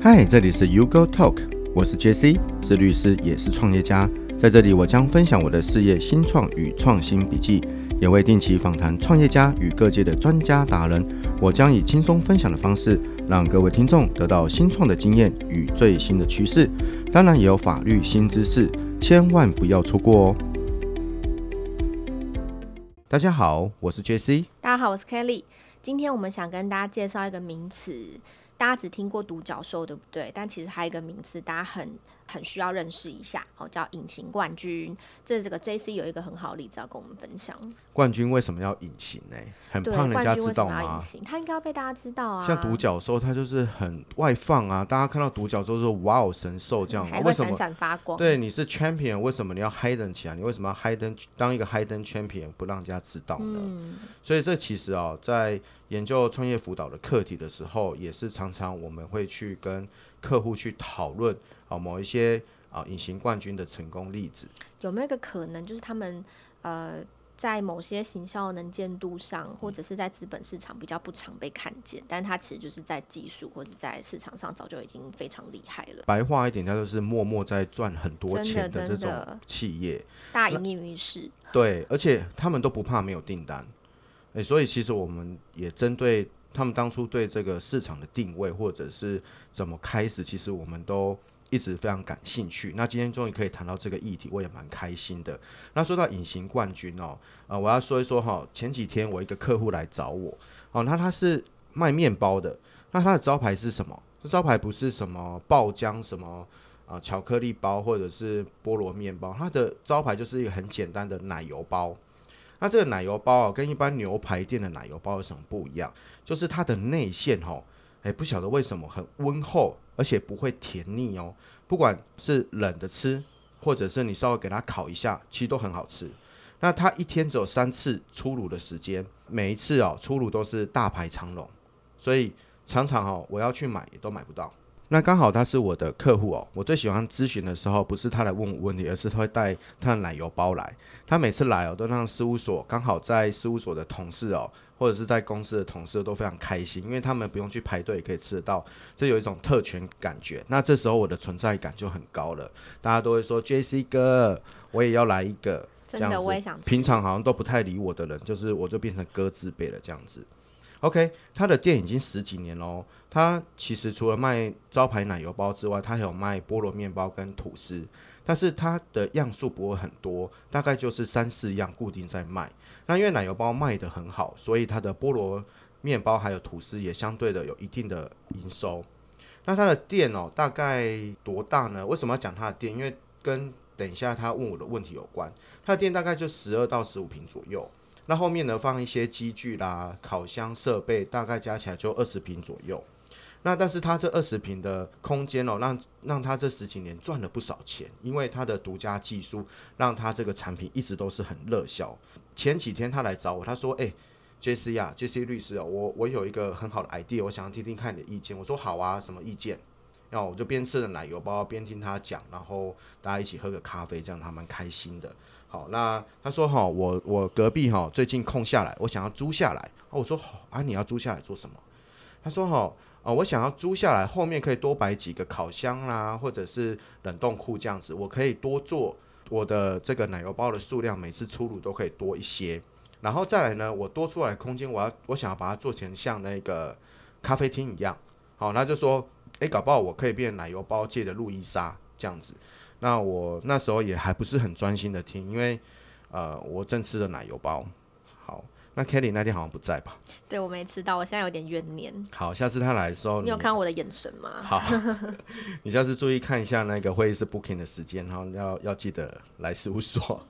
嗨，這裡是 U Go TALK，我是 JC，是律師也是創業家。在這裡，我將分享我的事業新創與創新筆記，也會定期訪談創業家與各界的專家達人。我將以輕鬆分享的方式，讓各位聽眾得到新創的經驗與最新的趨勢，當然也有法律新知識，千萬不要錯過哦。大家好，我是 JC。大家好，我是 Kelly。今天我們想跟大家介紹一個名詞。大家只聽過獨角獸，對不對？但其實還有一個名字，大家很，很需要認識一下，哦，叫隱形冠軍。這是這個 JC 有一個很好的例子要跟我們分享。冠軍為什麼要隱形呢？很怕人家知道嗎？隱形，他應該要被大家知道啊。像獨角獸，他就是很外放啊，大家看到獨角獸說哇、wow, 哦，神獸這樣。還會閃閃發光。對，你是 champion，為什麼你要 hidden 起來？你為什麼要 hidden？當一個 hidden champion 不讓人家知道呢？嗯、所以這其實啊、哦，在研究創業輔導的課題的時候，也是常常我們會去跟客戶去討論。哦，某一些啊，隱形冠軍的成功例子有沒有一個可能，就是他們呃，在某些行銷能見度上，嗯，或者是在資本市場比較不常被看見，但他其實就是在技術或者在市場上早就已經非常厲害了。白話一點，他就是默默在賺很多錢的這種企業，真的真的大隱於市。對，而且他們都不怕沒有訂單。哎、欸，所以其實我們也針對他們當初對這個市場的定位，或者是怎麼開始，其實我們都一直非常感興趣，那今天終於可以談到這個議題，我也蠻開心的。那說到隱形冠軍哦，啊、呃，我要說一說哈、哦。前幾天我一個客戶來找我，哦，那他是賣麵包的，那他的招牌是什麼？這招牌不是什麼爆漿什麼啊、呃，巧克力包或者是菠蘿麵包，他的招牌就是一個很簡單的奶油包。那這個奶油包啊，跟一般牛排店的奶油包有什麼不一樣？就是它的內餡哦，誒、欸，不曉得為什麼很溫厚。而且不會甜膩哦，不管是冷的吃，或者是你稍微給它烤一下，其實都很好吃。那它一天只有三次出爐的時間，每一次哦出爐都是大排長龍，所以常常哦我要去買也都買不到。那剛好他是我的客戶哦，我最喜歡諮詢的時候不是他來問我問題，而是他會帶他的奶油包來。他每次來哦都讓事務所，剛好在事務所的同事哦，或者是在公司的同事都非常開心，因為他們不用去排隊，也可以吃得到，這有一種特權感覺。那這時候我的存在感就很高了，大家都會說 “JC 哥，我也要來一個”這樣。真的，我也想吃。平常好像都不太理我的人，就是我就變成哥字輩了這樣子。OK，他的店已經十幾年嘍。他其實除了賣招牌奶油包之外，他還有賣菠蘿麵包跟吐司，但是他的樣數不會很多，大概就是三四樣固定在賣。那因為奶油包賣得很好，所以他的菠蘿麵包還有吐司也相對的有一定的營收。那他的店哦，大概多大呢？為什麼要講他的店？因為跟等一下他問我的問題有關。他的店大概就十二到十五平左右。那後面呢，放一些機具啦、烤箱設備，大概加起來就二十平左右。那但是他這二十平的空間哦，讓讓他這十幾年賺了不少錢，因為他的獨家技術讓他這個產品一直都是很熱銷。前幾天他來找我，他說：“誒，j c 呀，JC 律師哦，我我有一個很好的 idea，我想要聽聽看你的意見。”我說：“好啊，什麼意見？”然、嗯、後我就邊吃着奶油包邊聽他講，然後大家一起喝個咖啡，這樣他蠻開心的。好，那他說、哦：“好，我我隔壁哈、哦、最近空下來，我想要租下來。啊”我說：“好、哦、啊，你要租下來做什麼？”他說、哦：“好。”哦、我想要租下來，後面可以多擺幾個烤箱啦、啊，或者是冷凍庫這樣子，我可以多做我的這個奶油包的數量，每次出爐都可以多一些。然後再來呢，我多出來空間，我要我想要把它做成像那個咖啡廳一樣。好，那就說，哎、欸，搞不好我可以變奶油包界的路易莎這樣子。那我那時候也還不是很專心的聽，因為呃，我正吃著奶油包。那 Kelly 那天好像不在吧？對，我沒吃到，我現在有點怨念。好，下次他來的時候，你有看到我的眼神嗎？好， 你下次注意看一下那個會議室 booking 的時間，然後要要記得來事務所。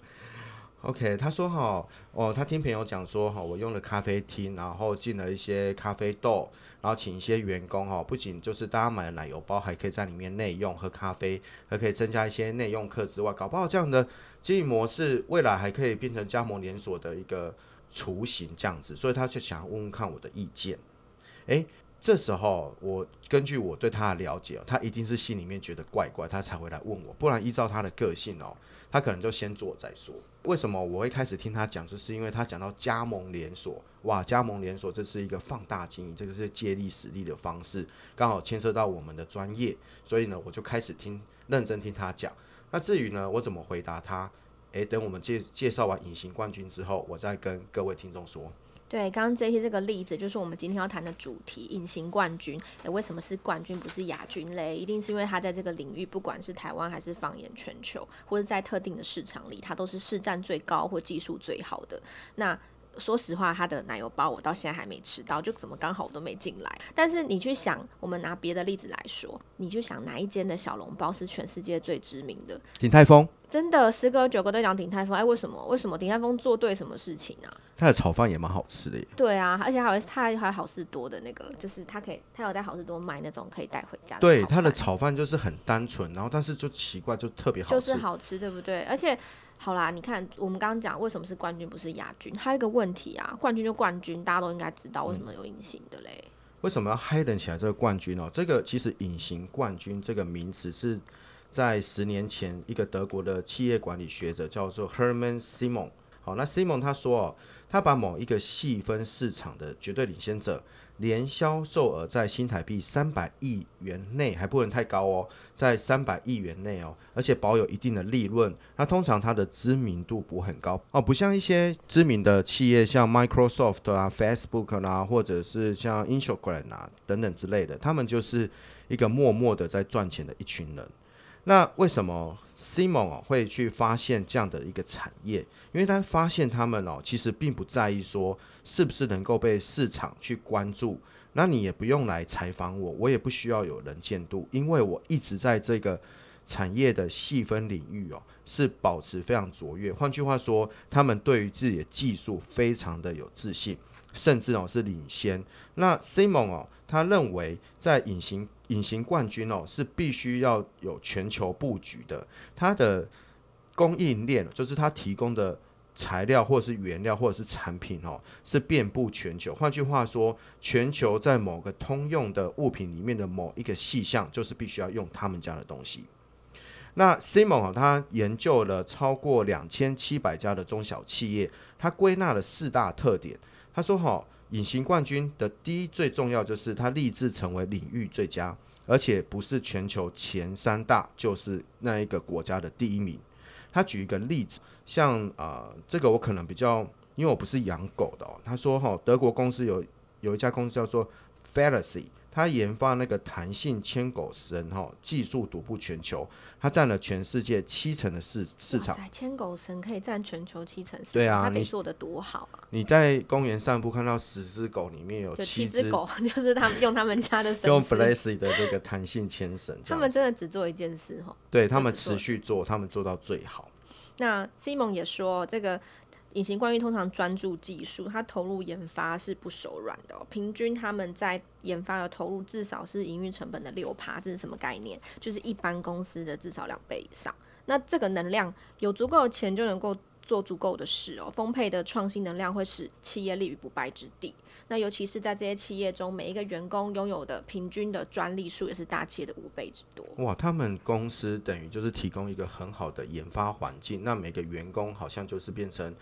OK，他說好哦，他聽朋友講說哈、哦，我用了咖啡廳，然後進了一些咖啡豆，然後請一些員工哈、哦，不僅就是大家買了奶油包還可以在裡面內用喝咖啡，還可以增加一些內用客之外，搞不好這樣的經營模式未來還可以變成加盟連鎖的一個。雛形這樣子，所以他就想問問看我的意見。哎、欸，這時候我根據我對他的了解、喔，他一定是心裡面覺得怪怪，他才會來問我。不然依照他的個性哦、喔，他可能就先做再說。為什麼我會開始聽他講，就是因為他講到加盟連鎖，哇，加盟連鎖這是一個放大經營，這個是借力使力的方式，剛好牽涉到我們的專業，所以呢，我就開始聽認真聽他講。那至於呢，我怎麼回答他？誒，等我們介介紹完隱形冠軍之後，我再跟各位聽眾說。對，剛剛這些這個例子，就是我們今天要談的主題——隱形冠軍。誒，為什麼是冠軍，不是亞軍嘞？一定是因為他在這個領域，不管是台灣還是放眼全球，或者在特定的市場裡，他都是市占最高或技術最好的。那說實話，他的奶油包我到現在還沒吃到，就怎麼剛好我都沒進來。但是你去想，我們拿別的例子來說，你去想哪一間的小籠包是全世界最知名的？鼎泰豐。真的，十個有九個都講鼎泰豐。哎、欸，為什麼？為什麼？鼎泰豐做對什麼事情啊？他的炒飯也蠻好吃的耶。對啊，而且還有他還有好市多的那個，就是他可以，他有在好市多買那種可以帶回家。對，他的炒飯就是很單純，然後但是就奇怪，就特別好吃。就是好吃，對不對？而且。好啦，你看我們剛剛講為什麼是冠軍不是亞軍，還有一個問題啊，冠軍就冠軍，大家都應該知道為什麼有隱形的嘞？嗯、為什麼要 hidden 起來這個冠軍哦？這個其實“隱形冠軍”這個名詞是在十年前一個德國的企業管理學者叫做 Hermann Simon，哦。好，那 Simon 他說哦，他把某一個細分市場的絕對領先者。年銷售額在新台幣三百億元內還不能太高哦，在三百億元內哦，而且保有一定的利潤。那通常它的知名度不很高哦，不像一些知名的企業，像 Microsoft 啊、Facebook 啊，或者是像 Instagram 啊等等之類的，他們就是一個默默的在賺錢的一群人。那為什麼？Simon 哦，會去發現這樣的一個產業，因為他發現他們哦，其實並不在意說是不是能夠被市場去關注。那你也不用來採訪我，我也不需要有能見度，因為我一直在這個產業的細分領域哦，是保持非常卓越。換句話說，他們對於自己的技術非常的有自信。甚至哦是領先。那 Simon 哦，他認為在隱形隱形冠軍哦是必須要有全球佈局的。它的供應鏈就是它提供的材料或者是原料或者是產品哦是遍佈全球。換句話說，全球在某個通用的物品裡面的某一個細項，就是必須要用他們家的東西。那 Simon 哦，他研究了超過兩千七百家的中小企業，他歸納了四大特點。他說：“哈，隱形冠軍的第一最重要就是他立志成為領域最佳，而且不是全球前三大，就是那一個國家的第一名。他舉一個例子，像啊、呃，這個我可能比較，因為我不是養狗的哦。他說，哈，德國公司有有一家公司叫做 Felicity，他研發那個彈性牽狗繩，哈，技術獨步全球。”它佔了全世界七成的市市場，牽狗繩可以占全球七成市場。對啊，它得做的多好啊！你在公園散步看到十隻狗，裡面有七隻狗 就是他們用他們家的繩，用 Flexi 的這個彈性牽繩。 他們真的只做一件事吼，對，他們持續做，他們做到最好。那 Simon 也說這個。隱形冠軍通常專注技術，它投入研發是不手軟的哦。平均他們在研發的投入至少是營運成本的六趴，這是什麼概念？就是一般公司的至少兩倍以上。那這個能量，有足夠的錢就能夠。做足夠的事哦，豐沛的創新能量會使企業立於不敗之地。那尤其是在這些企業中，每一個員工擁有的平均的專利數也是大企業的五倍之多。哇，他們公司等於就是提供一個很好的研發環境，那每個員工好像就是變成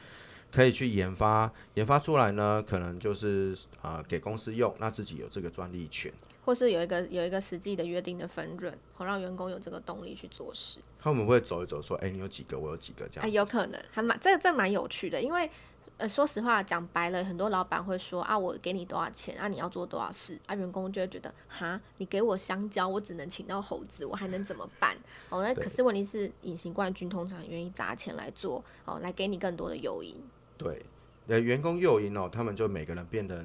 可以去研發，研發出來呢，可能就是啊、呃、給公司用，那自己有這個專利權。或是有一個有一個實際的約定的分潤，好、哦，讓員工有這個動力去做事。他們會走一走，說，哎、欸，你有幾個，我有幾個這樣、欸。有可能，還蠻這個，這蠻有趣的，因為，呃，說實話，講白了，很多老闆會說，啊，我給你多少錢，啊，你要做多少事，啊，員工就會覺得，哈，你給我香蕉，我只能請到猴子，我還能怎麼辦？哦，那 可是問題是，隱形冠軍通常願意砸錢來做，哦，來給你更多的誘因。對，那、呃、員工誘因哦，他們就每個人變得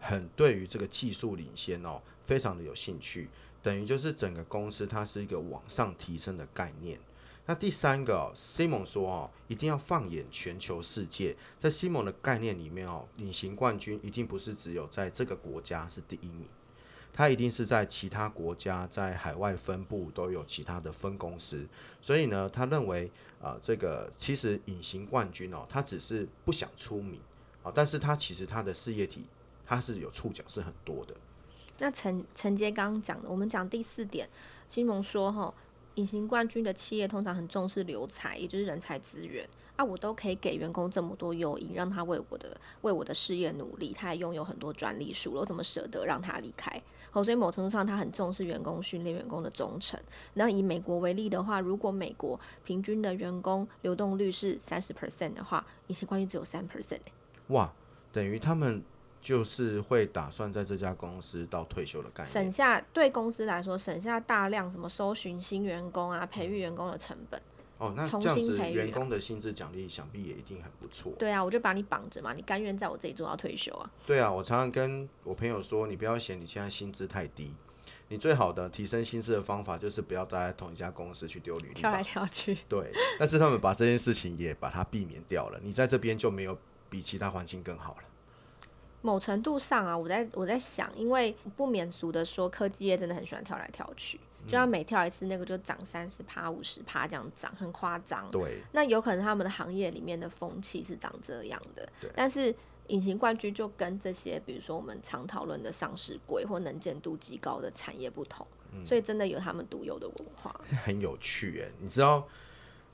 很對於這個技術領先哦。非常的有興趣，等於就是整個公司它是一個往上提升的概念。那第三個哦、喔，西蒙說哦、喔，一定要放眼全球世界。在西蒙的概念裡面哦、喔，隱形冠軍一定不是只有在這個國家是第一名，它一定是在其他國家，在海外分布都有其他的分公司。所以呢，他認為啊、呃，這個其實隱形冠軍哦、喔，他只是不想出名啊、喔，但是他其實他的事業體他是有觸角是很多的。那陳陳杰剛剛講的，我們講第四點，西蒙說哈，隱形冠軍的企業通常很重視留才，也就是人才資源啊，我都可以給員工這麼多誘因，讓他為我的為我的事業努力，他也擁有很多專利書了，我怎麼捨得讓他離開？哦，所以某種程度上，他很重視員工訓練員工的忠誠。那以美國為例的話，如果美國平均的員工流動率是三十 percent 的話，隱形冠軍只有三 percent、欸。哇，等於他們。就是會打算在這家公司到退休的概念，省下對公司來說，省下大量什麼搜尋新員工啊、培育員工的成本。嗯、哦，那這樣子重新培育員工的薪資獎勵想必也一定很不錯。對啊，我就把你綁着嘛，你甘願在我這裡做到退休啊？對啊，我常常跟我朋友說，你不要嫌你現在薪資太低，你最好的提升薪資的方法就是不要待在同一家公司，去丟履歷，跳來跳去。對， 但是他們把這件事情也把它避免掉了，你在這邊就沒有比其他環境更好了。某程度上啊，我在我在想，因為不免俗的說，科技業真的很喜歡跳來跳去，就像每跳一次，那個就漲三十趴、五十趴這樣漲，很誇張。對，那有可能他們的行業裡面的風氣是長這樣的。對。但是隱形冠軍就跟這些，比如說我們常討論的上市櫃或能見度極高的產業不同。嗯，所以真的有他們獨有的文化。很有趣哎，你知道？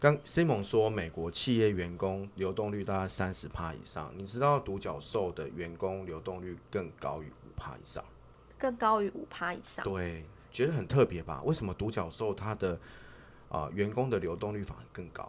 剛 Simon 說，美國企業員工流動率大概三十趴以上。你知道獨角獸的員工流動率更高於五趴以上，更高於五趴以上。對，覺得很特別吧？為什麼獨角獸它的啊、呃、員工的流動率反而更高？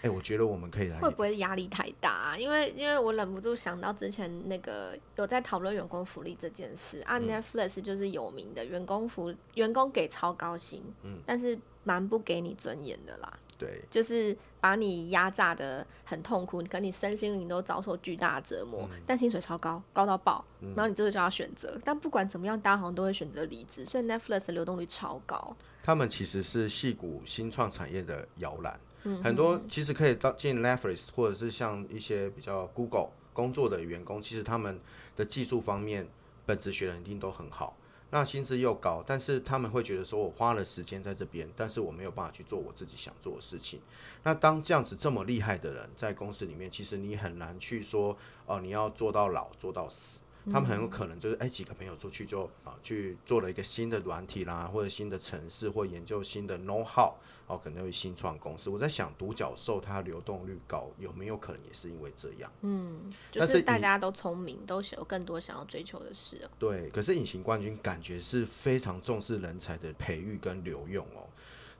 哎、欸，我覺得我們可以來會不會壓力太大、啊？因為因為我忍不住想到之前那個有在討論員工福利這件事、嗯、啊，Netflix 就是有名的員工福利，員工給超高薪，嗯，但是蠻不給你尊嚴的啦。對，就是把你壓榨的很痛苦，你可能你身心靈都遭受巨大折磨、嗯，但薪水超高，高到爆，嗯、然後你這個就要選擇。但不管怎麼樣，大家好像都會選擇離職，所以 Netflix 的流動率超高。他們其實是矽谷新創產業的搖籃、嗯，很多其實可以到進 Netflix 或者是像一些比較 Google 工作的員工，其實他們的技術方面本職學能一定都很好。那薪資又高，但是他們會覺得說，我花了時間在這邊，但是我沒有辦法去做我自己想做的事情。那當這樣子這麼厲害的人在公司裡面，其實你很難去說，哦、呃，你要做到老做到死。他們很有可能就是，哎，幾個朋友出去就啊去做了一個新的軟體啦，或者新的程式，或者研究新的 know how。哦，可能會新創公司。我在想，獨角獸它流動率高，有沒有可能也是因為這樣？嗯，就是大家都聰明是，都有更多想要追求的事哦。對，可是隱形冠軍感覺是非常重視人才的培育跟留用哦。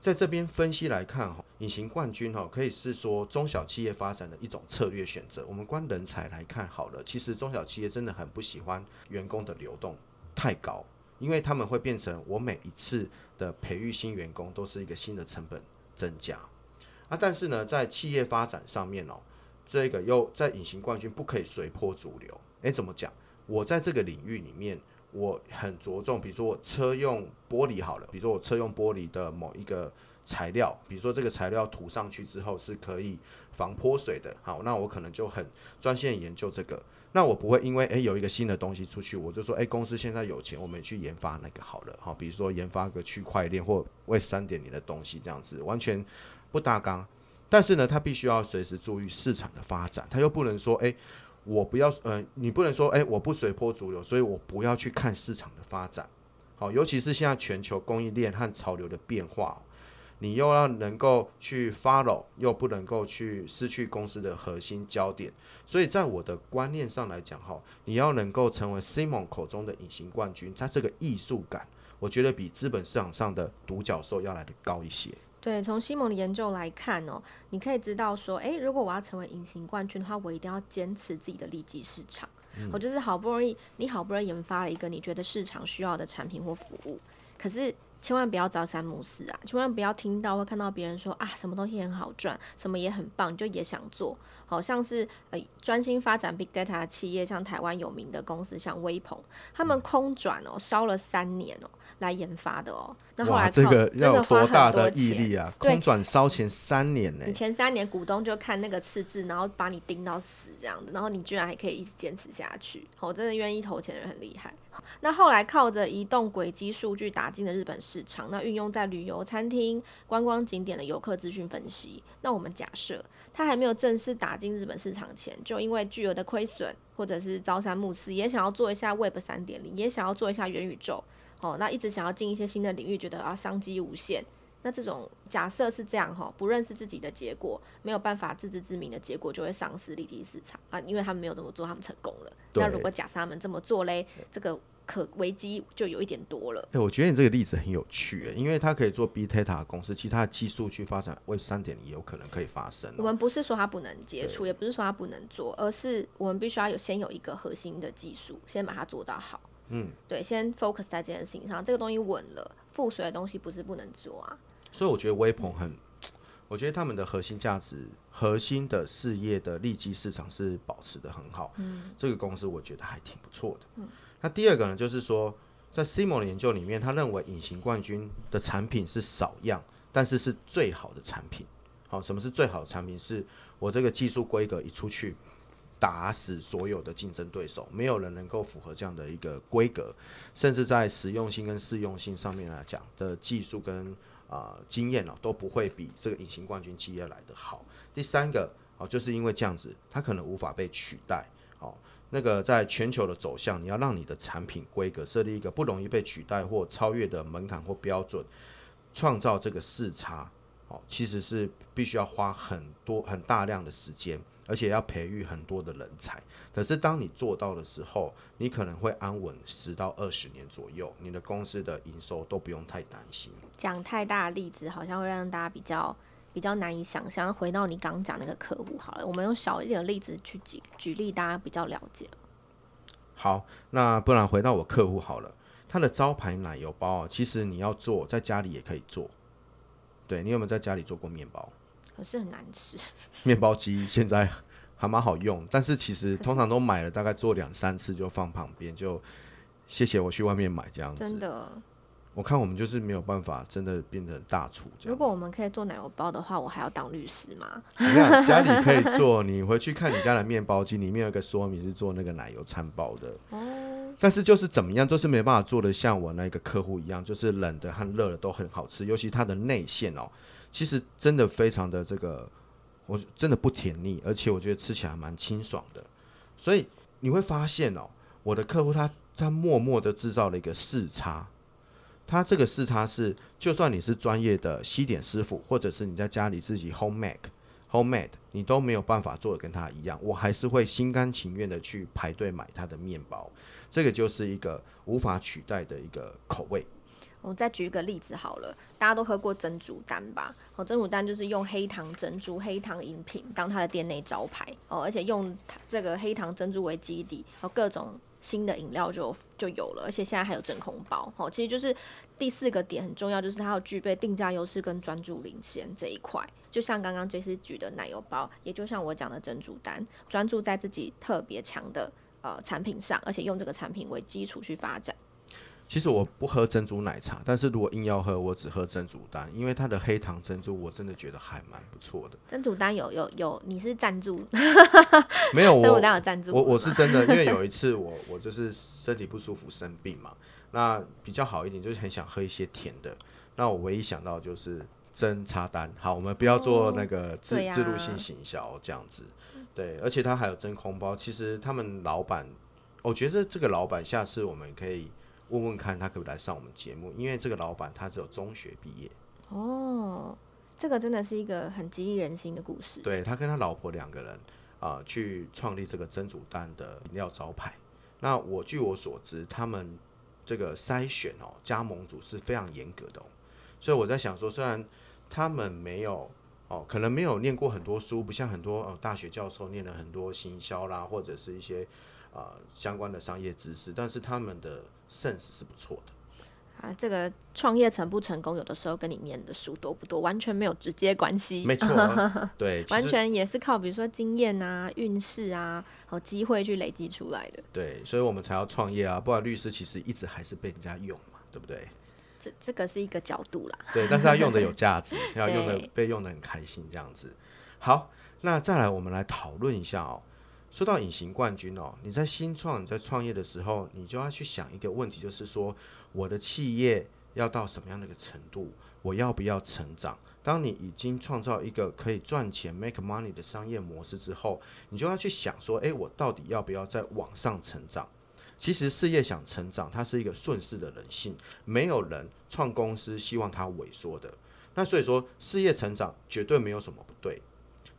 在這邊分析來看哈、哦，隱形冠軍哈、哦、可以是說中小企業發展的一種策略選擇。我們觀人才來看好了，其實中小企業真的很不喜歡員工的流動太高。因為他們會變成我每一次的培育新員工都是一個新的成本增加，啊，但是呢，在企業發展上面哦，這個又在隱形冠軍不可以隨波逐流。誒，怎麼講？我在這個領域裡面，我很着重，比如說我車用玻璃好了，比如說我車用玻璃的某一個。材料，比如說這個材料塗上去之後是可以防潑水的，好，那我可能就很專心的研究這個。那我不會因為誒、欸、有一個新的東西出去，我就說誒、欸、公司現在有錢，我們也去研發那個好了，好，比如說研發個區塊鏈或為三點零的東西這樣子，完全不搭嘎。但是呢，它必須要隨時注意市場的發展，它又不能說誒、欸、我不要，呃，你不能說誒、欸、我不隨波逐流，所以我不要去看市場的發展，好，尤其是現在全球供應鏈和潮流的變化。你又要能夠去 follow，又不能夠去失去公司的核心焦點，所以在我的觀念上來講，哈，你要能夠成為西蒙口中的隱形冠軍，它這個藝術感，我覺得比資本市場上的獨角獸要來的高一些。對，從西蒙的研究來看哦，你可以知道說，誒，如果我要成為隱形冠軍的話，我一定要堅持自己的利基市場。嗯。我就是好不容易，你好不容易研發了一個你覺得市場需要的產品或服務，可是。千萬不要朝三暮四啊！千萬不要聽到或看到別人說啊，什麼東西很好賺，什麼也很棒，就也想做，好、哦、像是呃專心發展 big data 的企業，像台灣有名的公司，像威朋，他們空轉哦，燒、嗯、了三年哦，來研發的哦。那後來這個要有多大的毅力啊！空轉燒錢三年呢、欸？你前三年股東就看那個赤字，然後把你盯到死這樣子，然後你居然還可以一直堅持下去，我、哦、真的願意投錢的人很厲害。那後來靠着移動軌跡數據打進了日本市場，那運用在旅遊、餐廳、觀光景點的遊客資訊分析。那我們假設他還沒有正式打進日本市場前，就因為巨額的虧損，或者是朝三暮四，也想要做一下 Web 三點零，也想要做一下元宇宙，哦，那一直想要進一些新的領域，覺得啊，商機無限。那這種假設是這樣哈，不認識自己的結果，沒有辦法自知之明的結果，就會喪失利基市場啊。因為他們沒有這麼做，他們成功了。那如果假設他們這麼做嘞，這個可危機就有一點多了。對，我覺得你這個例子很有趣耶，因為他可以做 BETA 公司，其他的技術去發展，Web 3.0也有可能可以發生喔。我們不是說他不能接觸，也不是說他不能做，而是我們必須要有先有一個核心的技術，先把它做到好。嗯，對，先 focus 在這件事情上，這個東西穩了，附隨的東西不是不能做啊。所以我覺得微鵬很、嗯，我覺得他們的核心價值、核心的事業的利基市場是保持得很好。嗯，這個公司我覺得還挺不錯的。嗯，那第二個呢，就是說在西蒙的研究裡面，他認為隱形冠軍的產品是少樣，但是是最好的產品。好、哦，什麼是最好的產品？是我這個技術規格一出去，打死所有的競爭對手，沒有人能夠符合這樣的一個規格，甚至在實用性跟適用性上面來講的技術跟。啊、呃，經驗哦都不會比這個隱形冠軍企業來的好。第三個哦，就是因為這樣子，它可能無法被取代。哦，那個在全球的走向，你要讓你的產品規格設立一個不容易被取代或超越的門檻或標準，創造這個市場，哦，其實是必須要花很多很大量的時間。而且要培育很多的人才，可是當你做到的時候，你可能會安穩十到二十年左右，你的公司的營收都不用太擔心。講太大的例子好像會讓大家比較比較難以想象。回到你剛講那個客戶好了，我們用小一點的例子去舉舉例，大家比較了解。好，那不然回到我客戶好了，他的招牌奶油包，其實你要做在家裡也可以做。對，你有沒有在家裡做過麵包？可是很難吃。 麵包機現在還蠻好用，但是其實通常都買了大概做兩三次就放旁邊，就謝謝我去外面買這樣子。真的，我看我們就是沒有辦法真的變成大廚。如果我們可以做奶油包的話，我還要當律師嗎？ 哎、家裡可以做，你回去看你家的麵包機 裡面有一個說明是做那個奶油餐包的。嗯、但是就是怎麼樣都、就是沒辦法做的像我那個客戶一樣，就是冷的和熱的都很好吃，尤其它的內餡哦。其實真的非常的這個，我真的不甜膩，而且我覺得吃起來還蠻清爽的。所以你會發現哦，我的客戶他他默默的製造了一個視差，他這個視差是，就算你是專業的西點師傅，或者是你在家裡自己 home make home made，你都沒有辦法做的跟他一樣，我還是會心甘情願的去排隊買他的麵包。這個就是一個無法取代的一個口味。我再舉一個例子好了，大家都喝過珍珠丹吧？哦，珍珠丹就是用黑糖珍珠、黑糖飲品當它的店內招牌哦，而且用這個黑糖珍珠為基底，然後哦，各種新的飲料就就有了，而且現在還有真空包哦。其實就是第四個點很重要，就是它要具備定價優勢跟專注領先這一塊。就像剛剛 JC 舉的奶油包，也就像我講的珍珠丹，專注在自己特別強的呃產品上，而且用這個產品為基礎去發展。其實我不喝珍珠奶茶，但是如果硬要喝，我只喝珍珠丹，因為它的黑糖珍珠我真的覺得還蠻不錯的。珍珠丹有有有，你是贊助？ 沒有我，珍珠丹有贊助我。我是真的，因為有一次我 我就是身體不舒服生病嘛，那比較好一點就是很想喝一些甜的。那我唯一想到就是珍珠丹。好，我們不要做那個自、哦啊、置入性行銷這樣子。對，而且它還有真空包。其實他們老板，我覺得這個老板下次我們可以。問問看他可不可以來上我們節目，因為這個老闆他只有中學畢業。哦，這個真的是一個很激勵人心的故事。對他跟他老婆兩個人啊、呃，去創立這個珍煮丹的飲料招牌。那我據我所知，他們這個篩選哦，加盟組是非常嚴格的、哦。所以我在想說，雖然他們沒有哦、呃，可能沒有念過很多書，不像很多哦、呃，大學教授念了很多行銷啦，或者是一些啊、呃、相關的商業知識，但是他們的。甚至是不錯的啊！這個創業成不成功，有的時候跟你念的書多不多完全沒有直接關係。沒錯、啊， 對，完全也是靠比如說經驗啊、運勢啊、好機會去累積出來的。對，所以我們才要創業啊，不然律師其實一直還是被人家用嘛，對不對？這這個是一個角度啦，對，但是要用的有價值， 要用的被用的很開心這樣子。好，那再來我們來討論一下哦。說到隱形冠軍哦，你在新創、你在創業的時候，你就要去想一個問題，就是說我的企業要到什麼樣的一個程度，我要不要成長？當你已經創造一個可以賺錢、make money 的商業模式之後，你就要去想說，哎，我到底要不要再往上成長？其實事業想成長，它是一個順勢的人性，沒有人創公司希望它萎縮的。那所以說，事業成長絕對沒有什麼不對。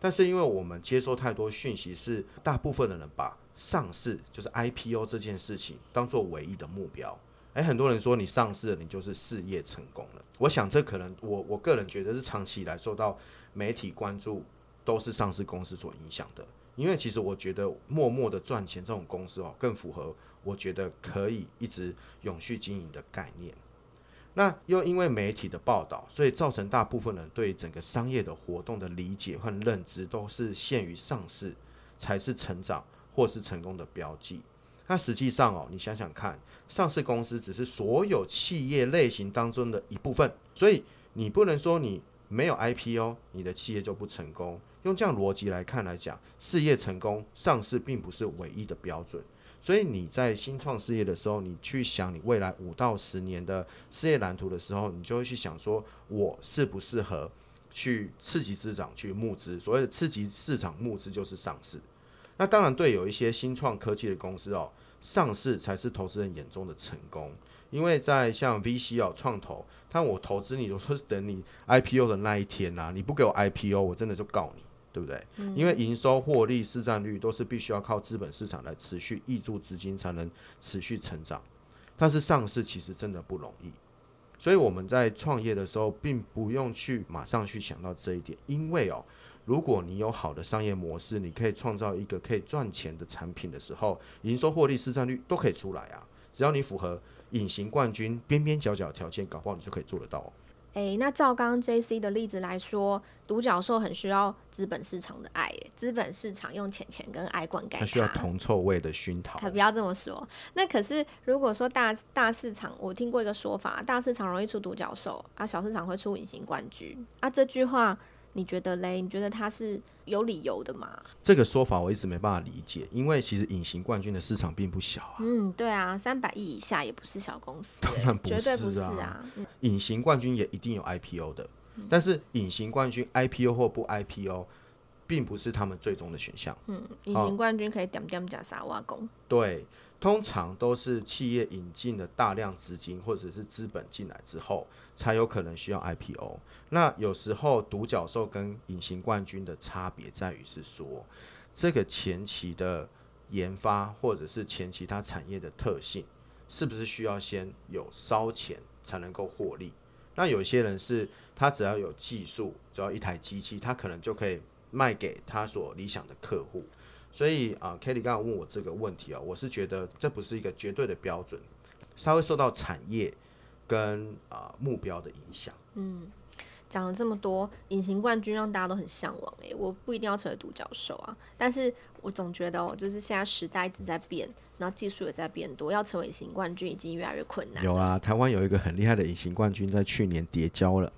但是因為我們接收太多訊息，是大部分的人把上市就是 IPO 這件事情當做唯一的目標。誒、欸，很多人說你上市了，你就是事業成功了。我想這可能我我個人覺得是長期以來受到媒體關注，都是上市公司所影響的。因為其實我覺得默默的賺錢這種公司哦，更符合我覺得可以一直永續經營的概念。那又因為媒體的報道，所以造成大部分人對整個商業的活動的理解和認知都是限於上市才是成長或是成功的標記。那實際上哦，你想想看，上市公司只是所有企業類型當中的一部分，所以你不能說你沒有 IPO，你的企業就不成功。用這樣邏輯來看來講，事業成功，上市並不是唯一的標準。所以你在新創事業的時候，你去想你未來五到十年的事業藍圖的時候，你就會去想說，我適不適合去次級市場去募資？所謂的次級市場募資就是上市。那當然，對有一些新創科技的公司哦，上市才是投資人眼中的成功。因為在像 VC 哦、創投，但我投資你，我說是等你 IPO 的那一天吶、啊，你不給我 IPO，我真的就告你。對不對？因為營收、獲利、市佔率都是必須要靠資本市場來持續挹注資金才能持續成長。但是上市其實真的不容易，所以我們在創業的時候並不用去馬上去想到這一點，因為哦，如果你有好的商業模式，你可以創造一個可以賺錢的產品的時候，營收、獲利、市佔率都可以出來啊。只要你符合隱形冠軍邊邊角角條件，搞不好你就可以做得到哦。哎、欸，那照剛剛 JC 的例子來說，獨角獸很需要資本市場的愛耶，資本市場用錢錢跟愛灌溉它，需要銅臭味的熏陶。可、啊、不要這麼說。那可是如果說大大市場，我聽過一個說法、啊，大市場容易出獨角獸啊，小市場會出隱形冠軍啊，這句話。你覺得嘞？你覺得他是有理由的嗎？這個說法我一直沒辦法理解，因為其實隱形冠軍的市場並不小啊。嗯，對啊，三百億以下也不是小公司，當然不是啊。絕對不是啊。隱形冠軍也一定有 IPO 的，但、嗯、是隱形冠軍 IPO 或不 IPO，並不是他們最終的選項。嗯，隱形冠軍可以點點加沙瓦工。對。通常都是企業引進了大量資金或者是資本進來之後，才有可能需要 IPO。那有時候獨角獸跟隱形冠軍的差別在於是說，這個前期的研發或者是前期它產業的特性，是不是需要先有燒錢才能夠獲利？那有些人是，他只要有技術，只要一台機器，他可能就可以賣給他所理想的客戶。所以啊 Kelly 剛剛問我這個問題啊、哦，我是覺得這不是一個絕對的標準，它會受到產業跟啊、呃、目標的影響。嗯，講了這麼多，隱形冠軍讓大家都很嚮往哎、欸，我不一定要成為獨角獸啊，但是我總覺得哦，就是現在時代一直在變，嗯、然後技術也在變多，要成為隱形冠軍已經越來越困難了。有啊，台灣有一個很厲害的隱形冠軍，在去年跌跤了。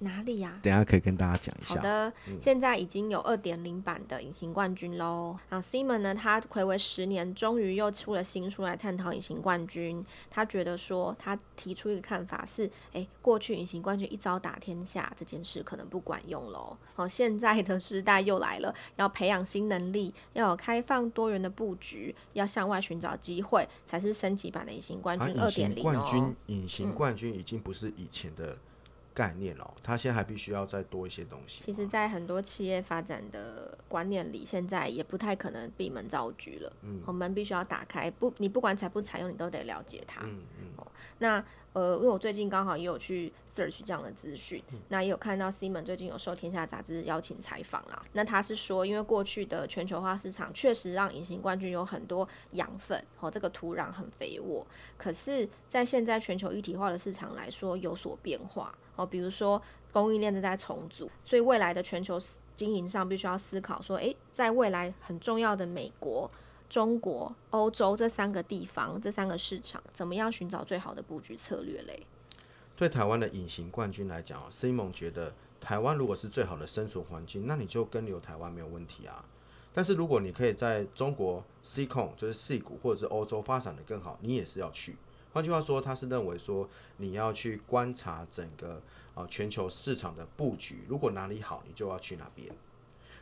哪裡呀、啊？等下可以跟大家講一下。好的，嗯、現在已經有二點零版的隱形冠軍嘍。然、啊、後 Simon 呢，他睽違十年，終於又出了新書來探討隱形冠軍。他覺得說，他提出一個看法是：哎、欸，過去隱形冠軍一招打天下這件事可能不管用嘍。哦、啊，現在的時代又來了，要培養新能力，要有開放多元的布局，要向外尋找機會，才是升級版的隱形冠軍二點零。冠軍，隱形冠軍已經不是以前的概念哦，他現在還必須要再多一些東西。其實，在很多企業發展的觀念裡，現在也不太可能閉門造車了。嗯，我們必須要打開，不，你不管採不採用，你都得了解它。嗯。嗯那呃，因為我最近剛好也有去 search 這樣的資訊，嗯，那也有看到 Simon 最近有受《天下》雜誌邀請採訪啦。那他是說，因為過去的全球化市場確實讓隱形冠軍有很多養分和，哦、這個土壤很肥沃，可是，在現在全球一體化的市場來說有所變化哦。比如說，供應鏈正在重組，所以未來的全球經營上必須要思考說，誒、欸，在未來很重要的美國。中國、歐洲這三個地方、這三個市場，怎麼樣尋找最好的布局策略嘞？對台灣的隱形冠軍來講哦，Simon 覺得台灣如果是最好的生存環境，那你就根留台灣沒有問題啊。但是如果你可以在中國、C 控就是 C 股或者是歐洲發展得更好，你也是要去。換句話說，他是認為說你要去觀察整個啊、呃、全球市場的布局，如果哪裡好，你就要去哪邊。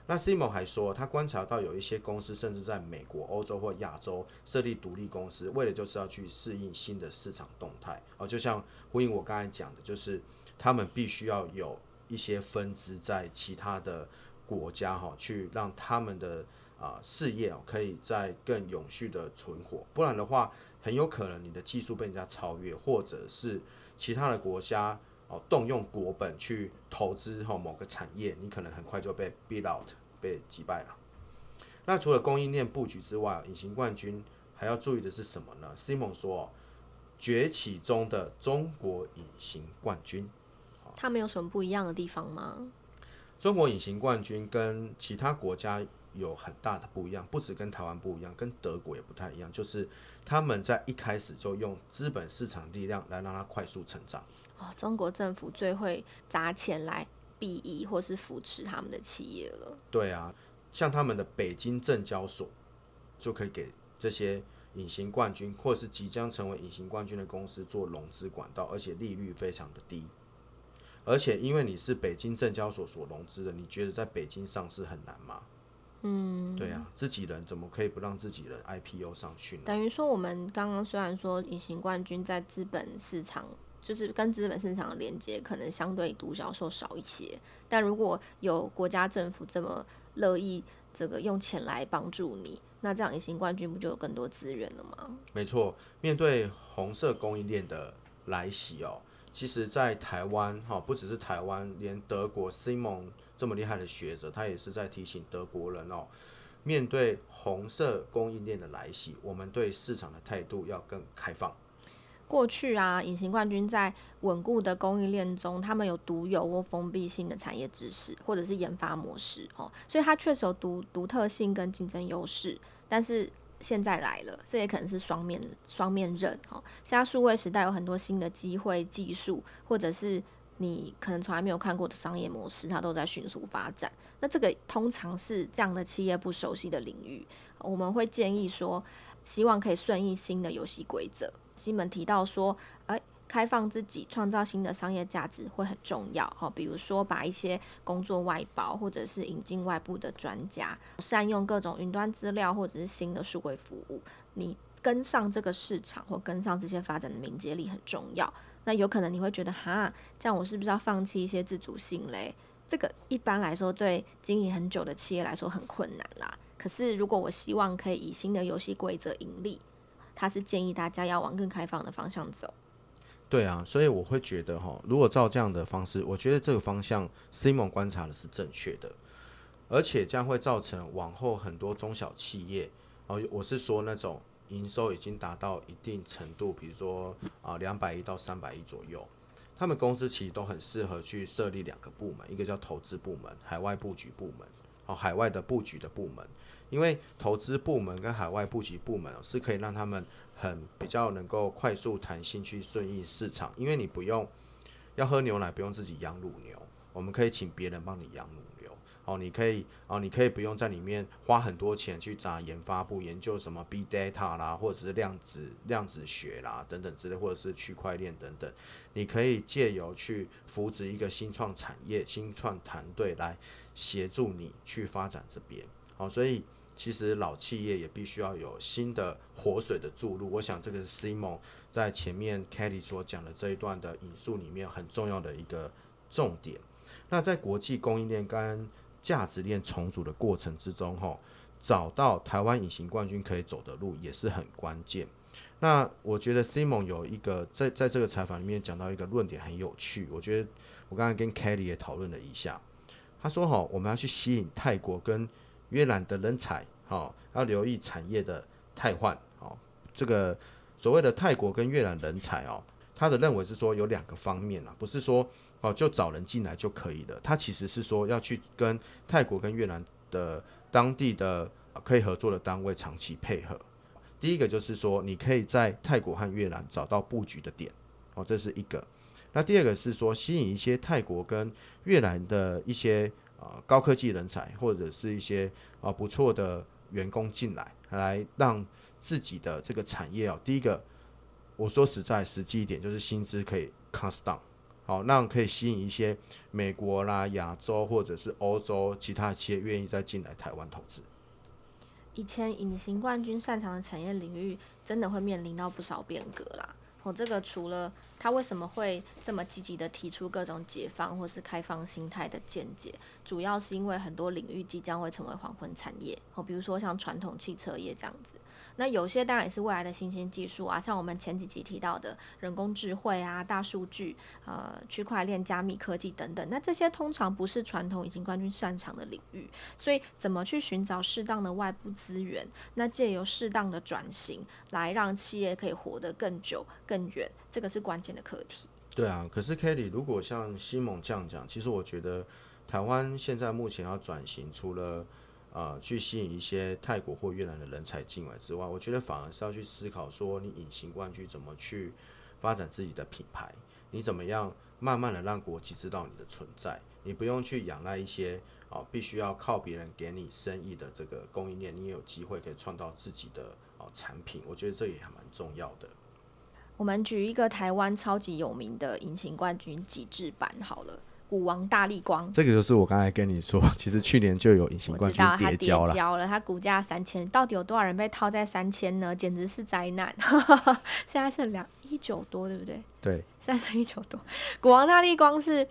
那 Simon 還說，他觀察到有一些公司甚至在美國、歐洲或亞洲設立獨立公司，為了就是要去適應新的市場動態。而、哦、就像呼應我剛才講的，就是他們必須要有一些分支在其他的國家，哈、哦，去讓他們的啊、呃、事業、哦、可以在更永續的存活。不然的話，很有可能你的技術被人家超越，或者是其他的國家，哦，動用國本去投資吼某個產業，你可能很快就被 beat out，被擊敗了。那除了供應鏈布局之外，隱形冠軍還要注意的是什麼呢？Simon 說，崛起中的中國隱形冠軍，他們有什麼不一樣的地方嗎？中國隱形冠軍跟其他國家有很大的不一樣，不止跟台灣不一樣，跟德國也不太一樣。就是他們在一開始就用資本市場力量來讓它快速成長。哦，中國政府最會砸錢來避疫或是扶持他們的企業了。對啊，像他們的北京證交所就可以給這些隱形冠軍或是即將成為隱形冠軍的公司做融資管道，而且利率非常的低。而且因為你是北京證交所所融資的，你覺得在北京上市很難嗎？嗯，對啊，自己人怎麼可以不讓自己人 IPO 上去呢？等於說，我們剛剛雖然說隱形冠軍在資本市場，就是跟資本市場的連接可能相對獨角獸少一些，但如果有國家政府這麼樂意這個用錢來幫助你，那這樣隱形冠軍不就有更多資源了嗎？沒錯，面對紅色供應鏈的來襲哦，其實，在台灣哈、哦，不只是台灣，連德國西蒙……這麼厲害的學者，他也是在提醒德國人哦，面對紅色供應鏈的來襲，我們對市場的態度要更開放。過去啊，隱形冠軍在穩固的供應鏈中，他們有獨有或封閉性的產業知識或者是研發模式哦，所以它確實有獨獨特性跟競爭優勢。但是現在來了，這也可能是雙面雙面刃哦。現在數位時代有很多新的機會、技術或者是。你可能從來沒有看過的商業模式，它都在迅速發展。那這個通常是這樣的企業不熟悉的領域，我們會建議說，希望可以順應新的遊戲規則。西蒙提到說，誒、哎,開放自己，創造新的商業價值會很重要。好、哦，比如說把一些工作外包，或者是引進外部的專家，善用各種雲端資料或者是新的數位服務，你跟上這個市場或跟上這些發展的敏捷力很重要。那有可能你會覺得哈，這樣我是不是要放棄一些自主性嘞？這個一般來說對經營很久的企業來說很困難啦。可是如果我希望可以以新的遊戲規則盈利，他是建議大家要往更開放的方向走。對啊，所以我會覺得哈，哦，如果照這樣的方式，我覺得這個方向 Simon 觀察的是正確的，而且將會造成往後很多中小企業，哦，我是說那種。營收已經達到一定程度，比如說啊兩百億到三百億左右，他們公司其實都很適合去設立兩個部門，一個叫投資部門，海外布局部門，哦、啊、海外的布局的部門，因為投資部門跟海外布局部門是可以讓他們很比較能夠快速彈性去順應市場，因為你不用要喝牛奶，不用自己養乳牛，我們可以請別人幫你養乳。哦，你可以哦，你可以不用在裡面花很多錢去砸研發部研究什麼 B data 啦，或者是量子量子學啦等等之類，或者是區塊鏈等等。你可以借由去扶植一個新創產業、新創團隊來協助你去發展這邊。好、哦，所以其實老企業也必須要有新的活水的注入。我想這個是 Simon 在前面 Kelly 所講的這一段的引述裡面很重要的一個重點。那在國際供應鏈跟價值鏈重組的過程之中，哈，找到台灣隱形冠軍可以走的路也是很關鍵。那我覺得 Simon 有一個在在這個採訪裡面講到一個論點很有趣，我覺得我剛才跟 Kelly 也討論了一下，他說哈，我們要去吸引泰國跟越南的人才，哈，要留意產業的汰換，哦，這個所謂的泰國跟越南人才哦，他的認為是說有兩個方面啊，不是說，哦，就找人進來就可以了。他其實是說要去跟泰國跟越南的當地的可以合作的單位長期配合。第一個就是說，你可以在泰國和越南找到布局的點，哦，這是一個。那第二個是說，吸引一些泰國跟越南的一些呃高科技人才或者是一些啊不錯的員工進來，來讓自己的這個產業啊，第一個我說實在實際一點，就是薪資可以 cost down。好、哦，那可以吸引一些美國啦、亞洲或者是歐洲其他企業願意再進來台灣投資。以前隱形冠軍擅長的產業領域，真的會面臨到不少變革啦。我、哦、這個除了他為什麼會這麼積極的提出各種解放或是開放心態的見解，主要是因為很多領域即將會成為黃昏產業。哦，比如說像傳統汽車業這樣子。那有些當然也是未來的新興技術啊，像我們前幾集提到的人工智慧啊、大數據、呃、區塊鏈、加密科技等等。那這些通常不是傳統隱形冠軍擅長的領域，所以怎麼去尋找適當的外部資源，那借由適當的轉型來讓企業可以活得更久、更遠，這個是關鍵的課題。對啊，可是 Kelly 如果像西蒙這樣講，其實我覺得台灣現在目前要轉型，除了啊，去吸引一些泰國或越南的人才進來之外，我覺得反而是要去思考說，你隱形冠軍怎麼去發展自己的品牌？你怎麼樣慢慢的讓國際知道你的存在？你不用去仰賴那一些啊，必須要靠別人給你生意的這個供應鏈，你也有機會可以創造自己的啊產品。我覺得這也還蠻重要的。我們舉一個台灣超級有名的隱形冠軍極致版好了。股王大立光，這個就是我剛才跟你說，其實去年就有隱形冠軍跌交了，了，了，他股價三千，到底有多少人被套在三千呢？簡直是災難！ 現在剩兩一九多，對不對？對，現在剩一九多。股王大立光是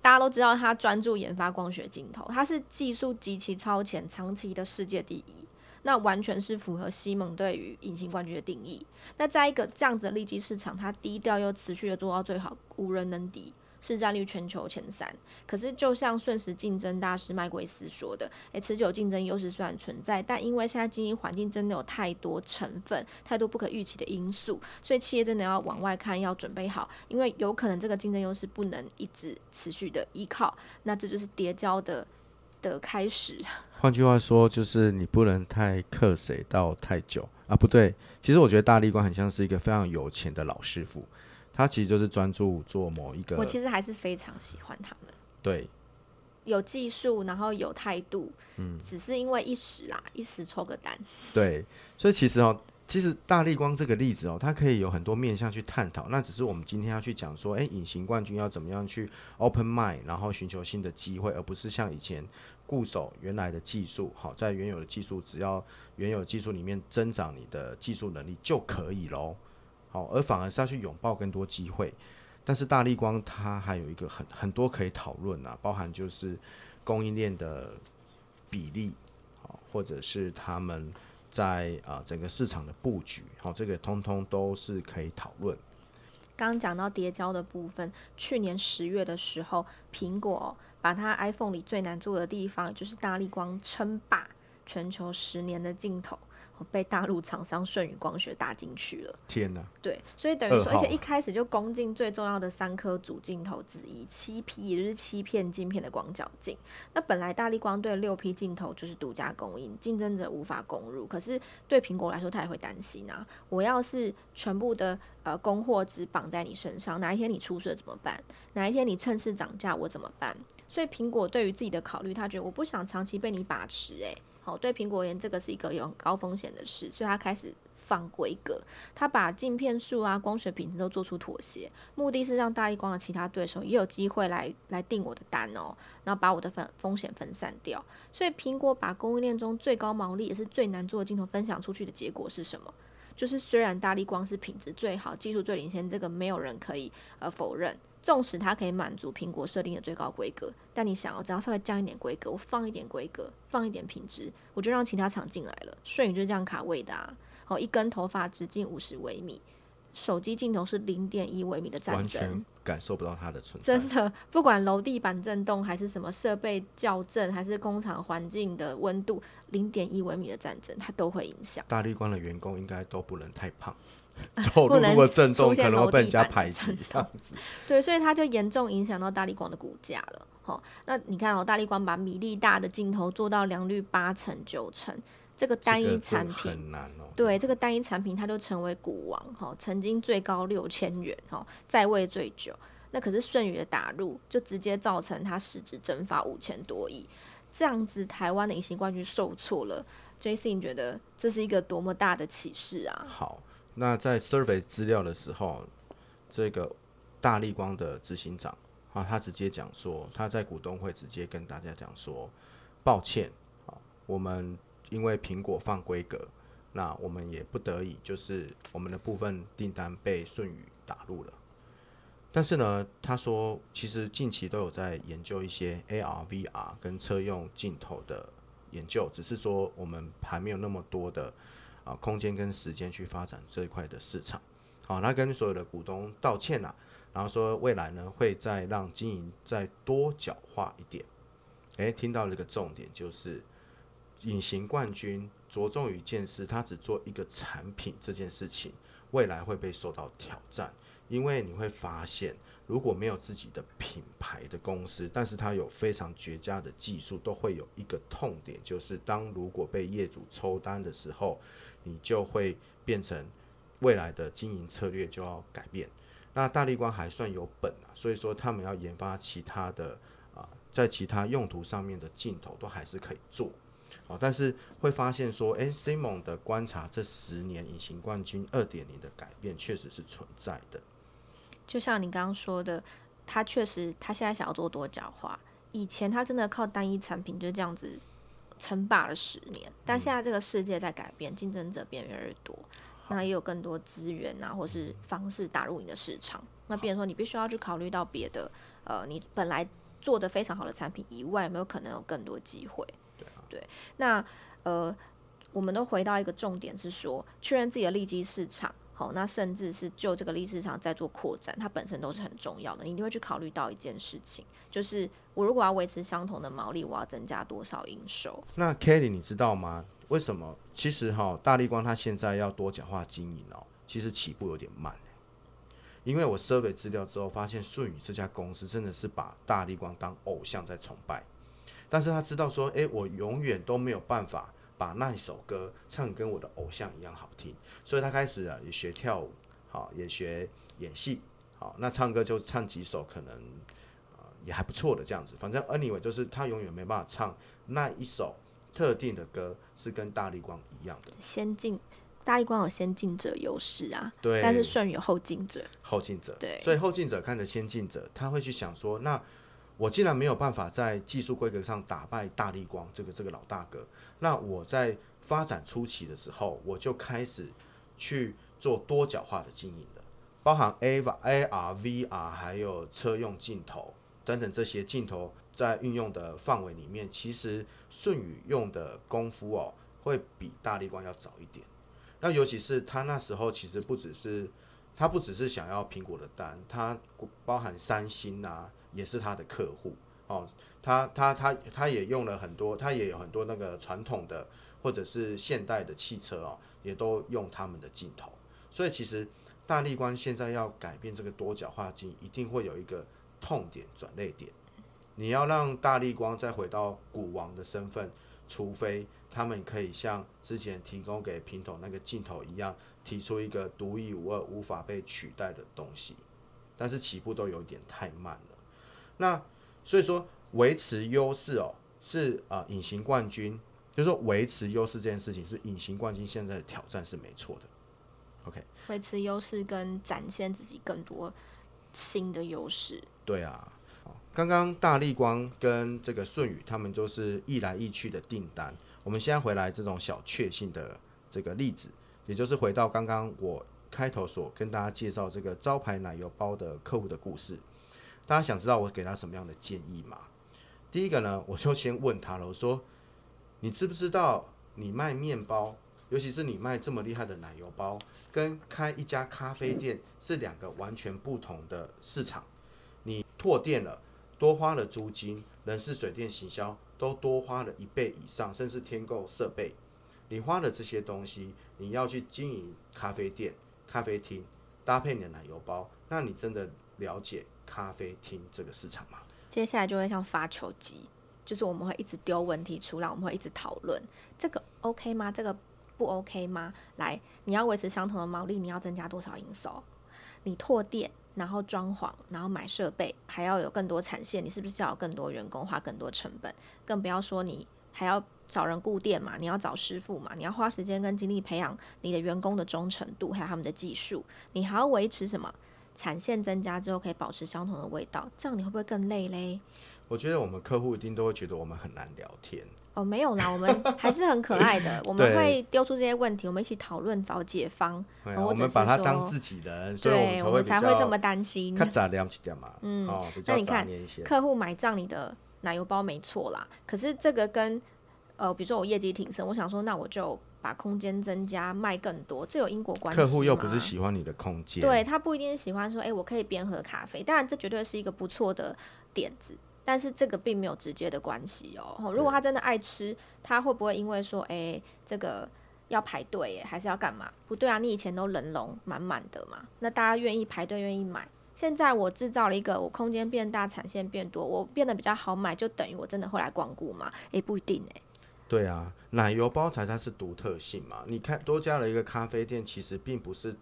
大家都知道，他專注研發光學鏡頭，他是技術極其超前，長期的世界第一，那完全是符合西蒙對於隱形冠軍的定義。那在一個這樣子的利基市場，他低調又持續的做到最好，無人能敵，市占率全球前三，可是就像瞬時競爭大師麥奎斯說的，誒、欸，持久競爭優勢雖然存在，但因為現在經營環境真的有太多成分、太多不可預期的因素，所以企業真的要往外看，要準備好，因為有可能這個競爭優勢不能一直持續的依靠，那這就是跌跤的的開始。換句話說，就是你不能太克誰到太久啊！不對，其實我覺得大立光很像是一個非常有錢的老師傅。他其實就是專注做某一個。我其實還是非常喜歡他們。對，有技術，然後有態度，嗯，只是因為一時啦、啊，一時抽個單。對，所以其實哦，其實大立光這個例子哦，它可以有很多面向去探討。那只是我們今天要去講說，哎，隱形冠軍要怎麼樣去 open mind，然後尋求新的機會，而不是像以前固守原來的技術。好、哦，在原有的技術，只要原有的技術裡面增長你的技術能力就可以嘍。嗯好、哦，而反而是要去擁抱更多機會，但是大立光它還有一個很很多可以討論啊，包含就是供應鏈的比例，好、哦，或者是他們在啊、呃、整個市場的布局，好、哦，這個通通都是可以討論。剛講到疊焦的部分，去年十月的時候，蘋果、哦、把它 iPhone 裡最難做的地方，就是大立光稱霸全球十年的鏡頭。被大陸廠商舜宇光學打進去了，天吶！對，所以等於說，而且一開始就攻進最重要的三顆主鏡頭之一七 P，也就是七片鏡片的廣角鏡。那本來大力光對六 P 鏡頭就是獨家供應，競爭者無法攻入。可是對蘋果來說，他也會擔心啊！我要是全部的呃供貨只綁在你身上，哪一天你出事怎麼辦？哪一天你趁勢漲價我怎麼辦？所以蘋果對於自己的考慮，他覺得我不想長期被你把持、欸，哎。好、哦，對蘋果而言，這個是一個有很高風險的事，所以他開始放規格，他把鏡片數啊、光學品質都做出妥協，目的是讓大立光的其他對手也有機會來來訂我的單哦，然後把我的分風險分散掉。所以蘋果把供應鏈中最高毛利也是最難做的鏡頭分享出去的結果是什麼？就是雖然大立光是品質最好，技術最領先，這個沒有人可以呃否認。縱使它可以滿足蘋果設定的最高規格，但你想，我、哦、只要稍微降一點規格，我放一點規格，放一點品質，我就讓其他廠進來了。舜宇就這樣卡位的啊，哦，一根頭髮直徑五十微米。手機鏡頭是零點一微米的戰爭，完全感受不到它的存在。真的，不管樓地板震動，還是什麼設備校正，還是工廠環境的溫度，零點一微米的戰爭，它都會影響。大立光的員工應該都不能太胖，走路如果震、呃、震動，可能會被人家排擠。這樣子，對，所以它就嚴重影響到大立光的股價了。哈，那你看哦，大立光把米粒大的鏡頭做到良率八成九成。9成這個單一產品，這個、對，很難、哦對嗯、這個單一產品，它就成為股王哈、哦，曾經最高六千元哈、哦，在位最久。那可是舜宇的打入，就直接造成他市值蒸發五千多億。這樣子，台灣的隱形冠軍受挫了。JC 你覺得這是一個多麼大的啟示啊！好，那在 survey 資料的時候，這個大立光的執行長啊，他直接講說，他在股東會直接跟大家講說，抱歉、啊、我們。因為蘋果放規格，那我們也不得已，就是我們的部分訂單被舜宇打入了。但是呢，他說其實近期都有在研究一些 AR、VR 跟車用鏡頭的研究，只是說我們還沒有那麼多的啊空間跟時間去發展這一塊的市場。好、啊，他跟所有的股東道歉了、啊，然後說未來呢會再讓經營再多角化一點。誒，聽到這個重點就是。隱形冠軍着重於一件事，他只做一個產品這件事情，未來會被受到挑戰，因為你會發現，如果沒有自己的品牌的公司，但是他有非常絕佳的技術，都會有一個痛點，就是當如果被業主抽單的時候，你就會變成未來的經營策略就要改變。那大立光還算有本啊，所以說他們要研發其他的啊、呃，在其他用途上面的鏡頭都還是可以做。但是會發現說，哎，Simon 的觀察，這十年隱形冠軍二點零的改變確實是存在的。就像你剛剛說的，他確實，他現在想要做多角化。以前他真的靠單一產品就這樣子稱霸了十年，但現在這個世界在改變，嗯、競爭者變越來越多，那也有更多資源啊、嗯，或是方式打入你的市場。那變成說，你必須要去考慮到別的，呃，你本來做得非常好的產品以外，有沒有可能有更多機會？對，那呃，我們都回到一個重點是說，確認自己的利基市場，好、哦，那甚至是就這個利基市場在做擴展，它本身都是很重要的。你一定會去考慮到一件事情，就是我如果要維持相同的毛利，我要增加多少營收？那 Kelly，你知道嗎？為什麼？其實哈、哦，大立光它現在要多角化經營哦，其實起步有點慢。因為我 survey 資料之後，發現順宇這家公司真的是把大立光當偶像在崇拜。但是他知道說，哎、欸，我永遠都沒有辦法把那一首歌唱跟我的偶像一樣好聽，所以他開始啊也學跳舞，好也學演戲，好那唱歌就唱幾首可能，呃，也還不錯的這樣子，反正 anyway 就是他永遠沒辦法唱那一首特定的歌是跟大力光一樣的。先進，大力光有先進者優勢啊，對，但是順有後進者，後進者，對，所以後進者看着先進者，他會去想說那。我既然沒有辦法在技術規格上打敗大立光這個這個老大哥，那我在發展初期的時候，我就開始去做多角化的經營了，包含 AR、VR 還有車用鏡頭等等，這些鏡頭在運用的範圍裡面，其實舜宇用的功夫哦，會比大立光要早一點。那尤其是他那時候其實不只是他，不只是想要蘋果的單，他包含三星啊。也是他的客戶哦，他他他他也用了很多，他也有很多那個傳統的或者是現代的汽車哦，也都用他們的鏡頭。所以其實大立光現在要改變這個多角化經營，一定會有一個痛點轉捩點。你要讓大立光再回到股王的身份，除非他們可以像之前提供給平統那個鏡頭一樣，提出一個獨一無二、無法被取代的東西。但是起步都有點太慢了。那所以說維持優勢哦，是啊、呃，隱形冠軍，就是說維持優勢這件事情是隱形冠軍現在的挑戰是沒錯的。OK，維持優勢跟展現自己更多新的優勢。對啊，剛剛大立光跟這個舜宇他們就是一來一去的訂單。我們現在回來這種小確幸的這個例子，也就是回到剛剛我開頭所跟大家介紹這個招牌奶油包的客戶的故事。大家想知道我給他什麼樣的建議嗎？第一個呢，我就先問他了。我說：“你知不知道，你賣麵包，尤其是你賣這麼厲害的奶油包，跟開一家咖啡店是兩個完全不同的市場。你拓店了，多花了租金、人事、水電、行銷，都多花了一倍以上，甚至添購設備。你花了這些東西，你要去經營咖啡店、咖啡廳，搭配你的奶油包，那你真的了解？”咖啡廳這個市場嘛，接下來就會像發球機，就是我們會一直丟問題出來，我們會一直討論這個 OK 嗎？這個不 OK 嗎？來，你要維持相同的毛利，你要增加多少營收？你拓店，然後裝潢，然後買設備，還要有更多產線，你是不是要有更多員工，花更多成本？更不要說你還要找人顧店嘛，你要找師傅嘛，你要花時間跟精力培養你的員工的忠誠度，還有他們的技術，你還要維持什麼？產線增加之後，可以保持相同的味道，這樣你會不會更累嘞？我覺得我們客戶一定都會覺得我們很難聊天 哦，沒有啦，我們還是很可愛的。 我們會丟出這些問題，我們一起討論找解方。啊、我們把它當自己人，所以我們才會，們才會這麼擔心。他咋聊起嘛？嗯、哦，那你看，客戶買賬你的奶油包沒錯啦，可是這個跟呃，比如說我業績提升，我想說，那我就。把空間增加，賣更多，這有因果關係。客戶又不是喜歡你的空間，對他不一定喜歡說，哎、欸，我可以邊喝咖啡。當然，這絕對是一個不錯的點子，但是這個並沒有直接的關係哦。哦，如果他真的愛吃，他會不會因為說，哎、欸，這個要排隊，還是要幹嘛？不對啊，你以前都人龍滿滿的嘛，那大家願意排隊，願意買。現在我製造了一個，我空間變大，產線變多，我變得比較好買，就等於我真的會來光顧嘛。哎、欸，不一定對啊，奶油包才它是獨特性嘛。你看，多加了一個咖啡店，其實並不是，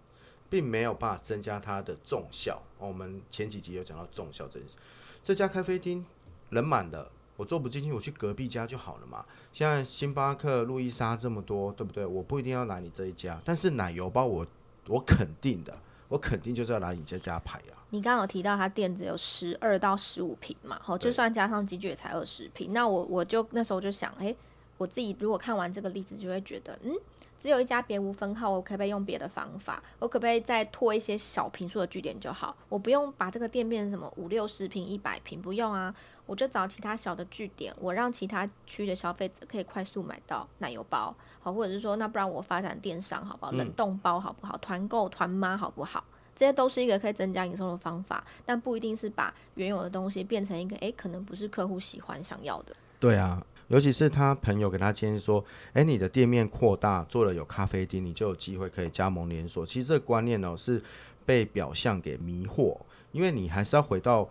並沒有辦法增加它的重效。哦，我們前幾集有講到重效這件事，這這家咖啡廳人滿的，我坐不進去，我去隔壁家就好了嘛。現在星巴克、路易莎這麼多，對不對？我不一定要來你這一家，但是奶油包我我肯定的，我肯定就是要來你這家牌啊。你剛剛有提到它店只有十二到十五坪嘛，好，就算加上機具也才二十坪，那我我就那時候就想，哎。我自己如果看完這個例子，就會覺得，嗯，只有一家別無分號，我可不可以用別的方法？我可不可以再拖一些小坪數的據點就好？我不用把這個店變成什麼五六十坪、一百坪，不用啊，我就找其他小的據點，我讓其他區的消費者可以快速買到奶油包，好，或者是說，那不然我發展電商好不好？冷凍包好不好？團購團媽好不好？這些都是一個可以增加營收的方法，但不一定是把原有的東西變成一個，哎、欸，可能不是客戶喜歡想要的。對啊。尤其是他朋友給他建議說：“誒、欸，你的店面擴大做了有咖啡廳，你就有機會可以加盟連鎖。”其實這個觀念呢、喔、是被表象給迷惑，因為你還是要回到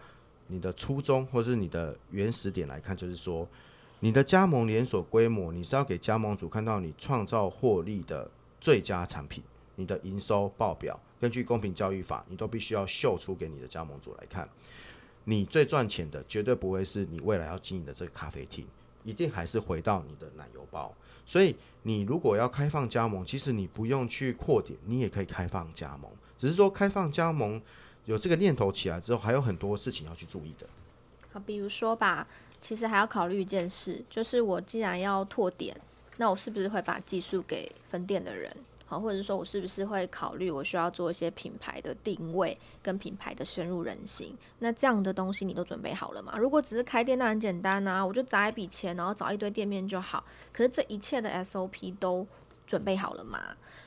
你的初衷或是你的原始點來看，就是說你的加盟連鎖規模，你是要給加盟主看到你創造獲利的最佳產品，你的營收報表，根據公平交易法，你都必須要秀出給你的加盟主來看。你最賺錢的絕對不會是你未來要經營的這個咖啡廳。一定還是回到你的奶油包，所以你如果要開放加盟，其實你不用去擴點，你也可以開放加盟。只是說開放加盟有這個念頭起來之後，還有很多事情要去注意的。好，比如說吧，其實還要考慮一件事，就是我既然要拓點，那我是不是會把技術給分店的人？或者說，我是不是會考慮我需要做一些品牌的定位跟品牌的深入人心？那這樣的東西你都準備好了嗎？如果只是開店，那很簡單啊，我就砸一筆錢，然後找一堆店面就好。可是這一切的 SOP 都準備好了嗎？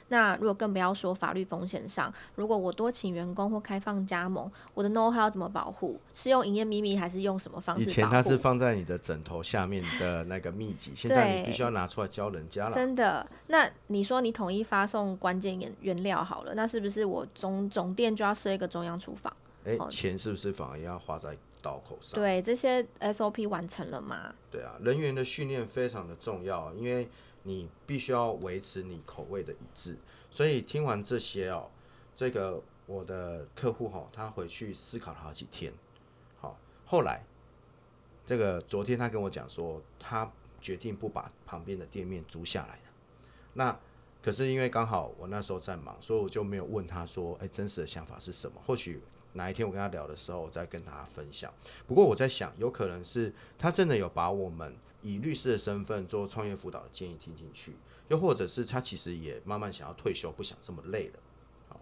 那如果更不要說法律風險上，如果我多請員工或開放加盟，我的 know how 要怎麼保護？是用營業秘密還是用什麼方式？以前它是放在你的枕頭下面的那個秘籍， 現在你必須要拿出來教人家了。真的？那你說你統一發送關鍵原原料好了，那是不是我總總店就要設一個中央廚房？欸哦？錢是不是反而要花在刀口上？對，這些 SOP 完成了嗎？對啊，人員的訓練非常的重要，因為。你必須要維持你口味的一致，所以聽完這些哦、喔，這個我的客戶哦，他回去思考了好幾天，好，後來這個昨天他跟我講說，他決定不把旁邊的店面租下來了。那可是因為剛好我那時候在忙，所以我就沒有問他說，哎，真實的想法是什麼？或許哪一天我跟他聊的時候，我再跟大家分享。不過我在想，有可能是他真的有把我們。以律師的身份做創業輔導的建議聽進去，又或者是他其實也慢慢想要退休，不想這麼累了。好，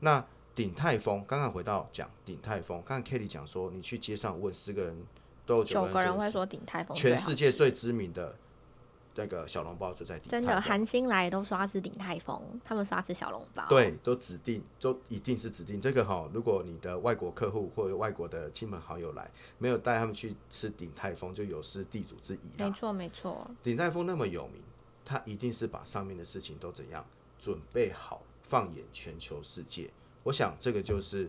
那鼎泰豐剛剛回到講鼎泰豐，剛剛 Kelly 講說，你去街上問十個人都有九個人會說鼎泰豐全世界最知名的。那、這個小籠包就在真的韓星來都刷子頂泰豐，他們刷子小籠包，對，都指定，都一定是指定這個哈、哦。如果你的外國客戶或者外國的親朋好友來，沒有帶他們去吃頂泰豐，就有失地主之誼沒錯沒錯，頂泰豐那麼有名，他一定是把上面的事情都怎樣準備好，放眼全球世界。我想這個就是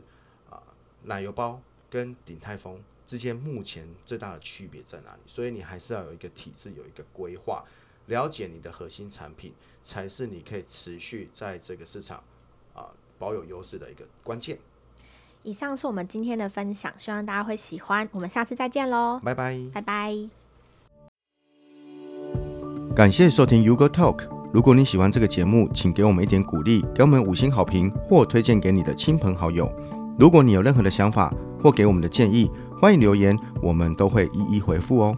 啊、嗯呃，奶油包跟頂泰豐。之間目前最大的區別在哪裡？所以你還是要有一個體制，有一個規劃，了解你的核心產品，才是你可以持續在這個市場啊、呃、保有優勢的一個關鍵。以上是我們今天的分享，希望大家會喜歡。我們下次再見嘍！拜拜，拜拜！感謝收聽 U Go TALK。如果你喜歡這個節目，請給我們一點鼓勵，給我們五星好評或推薦給你的親朋好友。如果你有任何的想法或給我們的建議，歡迎留言，我們都會一一回覆哦。